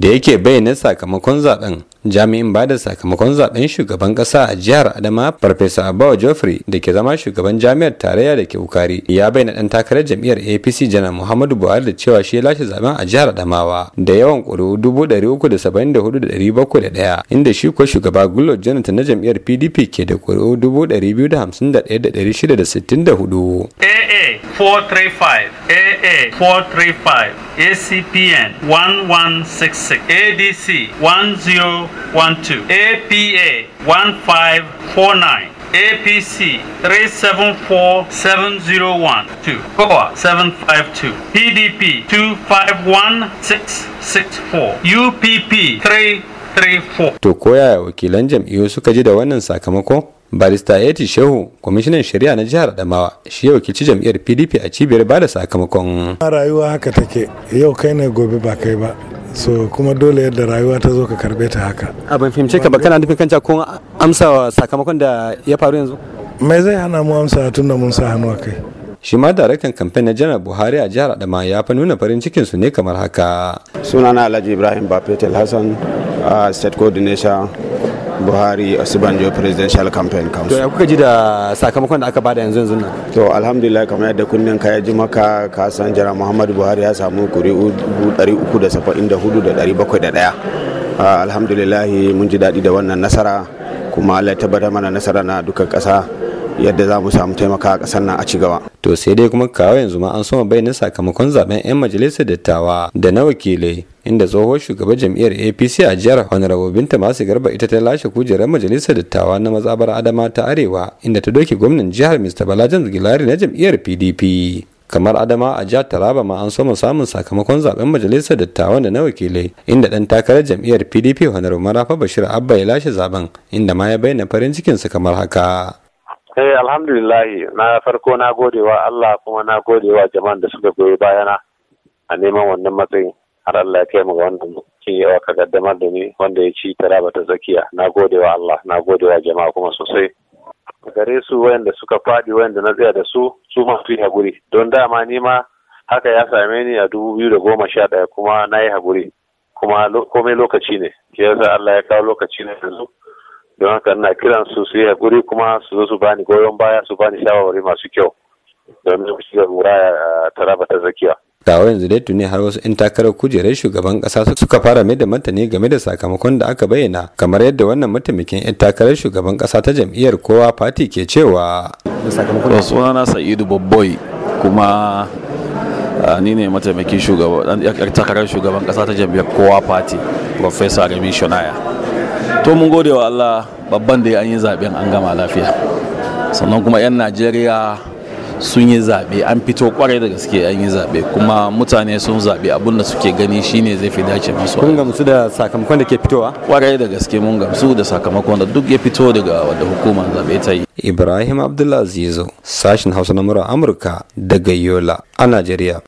da yake bayyana sakamakon zaben jami'in ba da sakamakon zaben shugaban kasa a jihar adama farfesa abawa joffrey da ke zama shugaban jami'ar tarayya da ke ukari ya bayyana dan takarar jam'iyyar apc janar muhammadu buhari da cewa shi ya lashe zaben a jihar adamawa da yawan ƙuri'u dubu ɗari uku da saba'in da hudu da ɗari bakwai da ɗaya inda shi ko shugaba gullo jonathan na jam'iyyar pdp ke da ƙuri'u dubu ɗari biyu da hamsin da ɗaya da ɗari shida da sittin da hudu. aa 435 aa 435 ACPN 1166, ADC 1012, APA 1549. APC 3747012 COA 752 PDP 251664 UPP 334 To yaya wakilan jam'iyyu suka ji da wannan sakamako? barista eti shehu kwamishinan shari'a na jihar adamawa shi ya wakilci jam'iyyar pdp a cibiyar ba da sakamakon rayuwa haka take yau kai ne gobe ba kai ba so kuma dole yadda rayuwa ta zo ka karbe ta haka a ban fahimce ka ba kana nufin kanta ko amsa sakamakon da ya faru yanzu mai zai hana mu amsa tun da mun sa hannu a kai shi ma daraktan kamfen na janar buhari a jihar adama ya fa nuna farin cikin su ne kamar haka sunana alhaji ibrahim bafetel hassan a state coordination buhari osibanjo presidential campaign council to ya kuka ji da sakamakon da aka bada yanzu yanzu nan to alhamdulillah kamar yadda kunnan ka ya ji maka ka san jira muhammadu buhari ya samu kuri'u 374,701 alhamdulillah mun ji daɗi da wannan nasara kuma allah ya tabbatar mana nasara na dukkan kasa yadda za mu samu taimaka a ƙasar nan a ci gaba. To sai dai kuma kawo yanzu ma an soma bayyana sakamakon zaben 'yan majalisar dattawa da na wakilai inda tsohon shugaban jam'iyyar apc a jihar honorable binta masu garba ita ta lashe kujerar majalisar dattawa na mazabar adama ta arewa inda ta doke gwamnan jihar mr balajan gilari na jam'iyyar pdp kamar adama a jihar taraba ma an soma samun sakamakon zaben majalisar dattawa da na wakilai inda dan takarar jam'iyyar pdp honorable marafa bashir abba ya lashe zaben inda ma ya bayyana farin cikinsa kamar haka Eh alhamdulillahi na farko na gode wa Allah kuma na gode wa jama'an da suka goyi bayana a neman wannan matsayin har Allah ya kai mu ga wannan ke yawa ka gaddamar da ni wanda ya ci taraba ta tsakiya na gode wa Allah na gode wa jama'a kuma sosai gare su wayanda suka faɗi wayanda na tsaya da su su masu yi haƙuri don dama ni ma haka ya same ni a dubu biyu da goma sha ɗaya kuma na yi haƙuri kuma komai lokaci ne ke yasa Allah ya kawo lokaci ne yanzu don haka ina kiran su su yi hakuri kuma su zo su bani goyon baya su bani shawarwari masu kyau domin su shiga a taraba ta zakiya. Dawo yanzu dai tuni har wasu 'yan takarar kujerar shugaban kasa suka fara mai da martani game da sakamakon da aka bayyana kamar yadda wannan mataimakin 'yan takarar shugaban kasa ta jam'iyyar kowa fati ke cewa. Sunana Sa'idu Babboi kuma Ah, ni ne mataimakin shugaban takarar shugaban kasa ta jam'iyyar kowa party professor remi shonaya to mun gode wa allah babban da ya yi zaben an gama lafiya sannan kuma 'yan najeriya sun yi zaɓe an fito kwarai da gaske an yi zaɓe kuma mutane sun zaɓe abin da suke gani shine zai fi dace masu kun gamsu da sakamakon da ke fitowa kwarai da gaske mun gamsu da sakamakon da duk ya fito daga wadda hukumar zaɓe ta yi ibrahim abdulaziz sashen hausa na mura amurka daga yola a najeriya